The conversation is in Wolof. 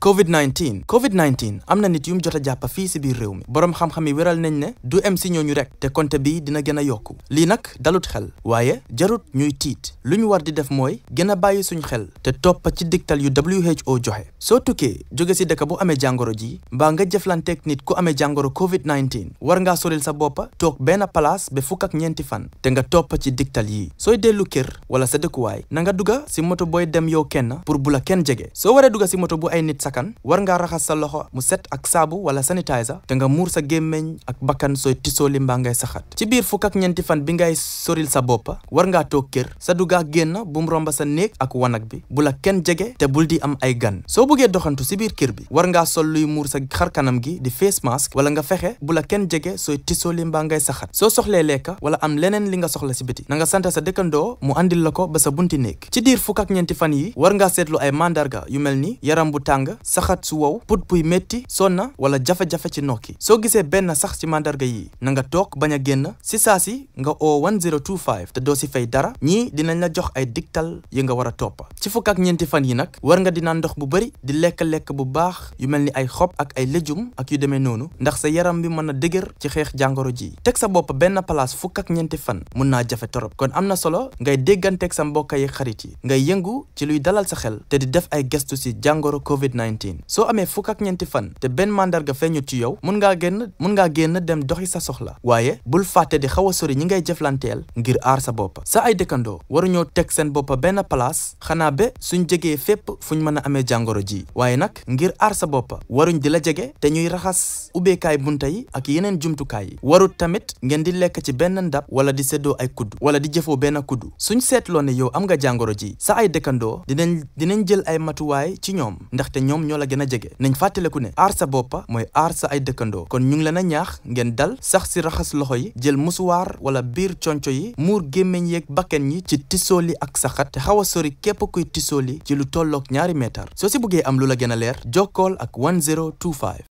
COVID-19 COVID-19 am na nit yu mu jot jàpp fii si biir réew mi borom xam-xam yi wéral nañ ne du em si ñooñu rek te compte bi dina gën a yokku lii nag dalut xel waaye jarut ñuy tiit lu ñu war di def mooy gën a bàyyi suñ xel te topp ci digtal yu WHO joxe soo tukkee jóge si dëkk bu amee jàngoro ji mbaa nga jëflanteeg nit ku amee jàngoro COVID-19 war nga soril sa boppa toog benn palaas ba fukkak ak ñeenti fan te nga toppa ci digtal yi sooy dellu kër wala sa dëkkuwaay na duga si moto booy dem yow kenn pour bu la kenn jege soo waree duga si moto bu ay nit sakan war ngaa raxas sa loxo mu set ak saabu wala sanitizer te nga muur sa gémmeñ ak bakkan sooy tisooli mbaa ngay saxat ci biir fukk ak ñeenti fan bi ngay soril sa bopp war ngaa toog kër sa dugaa génn bu mu romba sa néeg ak wanag bi bu la kenn jege te bul di am ay gan soo buggee doxantu si biir kër bi war ngaa sol luy muur sa xar kanam gi di face mask wala nga fexe bu la kenn jege sooy tisooli mbaa ngay saxat soo soxlee lekka wala am leneen li nga soxla si biti na nga sant sa dëkkandoo mu andil la ko ba sa bunti néeg ci diir fukk ak ñeenti fan yi war nga seetlu ay mandarga yu mel ni yaram bu tàng saxaat su wow put buy métti sonna wala jafe-jafe ci nokki soo gisee benn sax ci mandarga yi na nga toog bañ a génn si saa si nga oo 1025 te doo si fay dara ñii dinañ la jox ay digtal yi nga war a topp ci fukk ak ñeenti fan yi nag war nga di ndox bu bëri di lekk-lekk bu baax yu mel ni ay xob ak ay léjum ak yu demee noonu ndax sa yaram bi mën a dëgër ci xeex jàngoro ji teg sa bopp benn place fukk ak ñeenti fan mun naa jafe torop kon am na solo ngay dégganteeg sa mbokk yi xarit yi ngay yëngu ci luy dalal sa xel te di def ay gestu si jàngoro covid 19 soo amee fukk ak ñeenti fan te benn mandarga feeñu ci yow mun ngaa génn mun ngaa génn dem doxi sa soxla waaye bul fàtte di xaw a sori ñi ngay jëflanteel ngir aar sa bopp sa ay dëkkandoo waruñoo teg seen bopp benn place xanaa ba suñ jegee fépp fuñ mën a amee jàngoro ji waaye nag ngir aar sa boppa waruñ di la jege te ñuy raxas ubbeekaay bunta yi ak yeneen jumtukaay yi warut tamit ngeen di lekk ci benn ndab wala di seddoo ay kudd wala di jëfoo benn kuddu suñ seetloo ne yow am nga jàngoro ji sa ay dëkkandoo dinañ dinañ jël ay matuwaay ci ñoom ñoom ñoo la gën a jege nañ fàttaleku ne aar sa boppa mooy aar sa ay dëkkandoo kon ñu ngi leen a ñaax ngeen dal sax si raxas loxo yi jël musuwaar wala biir conco yi muur gémmiñ yeeg bakken yi ci tisooli ak saxat te xaw a sori képp kuy tisooli ci lu tollook ñaari meetar soo si buggee am lu la gën a leer jokkool ak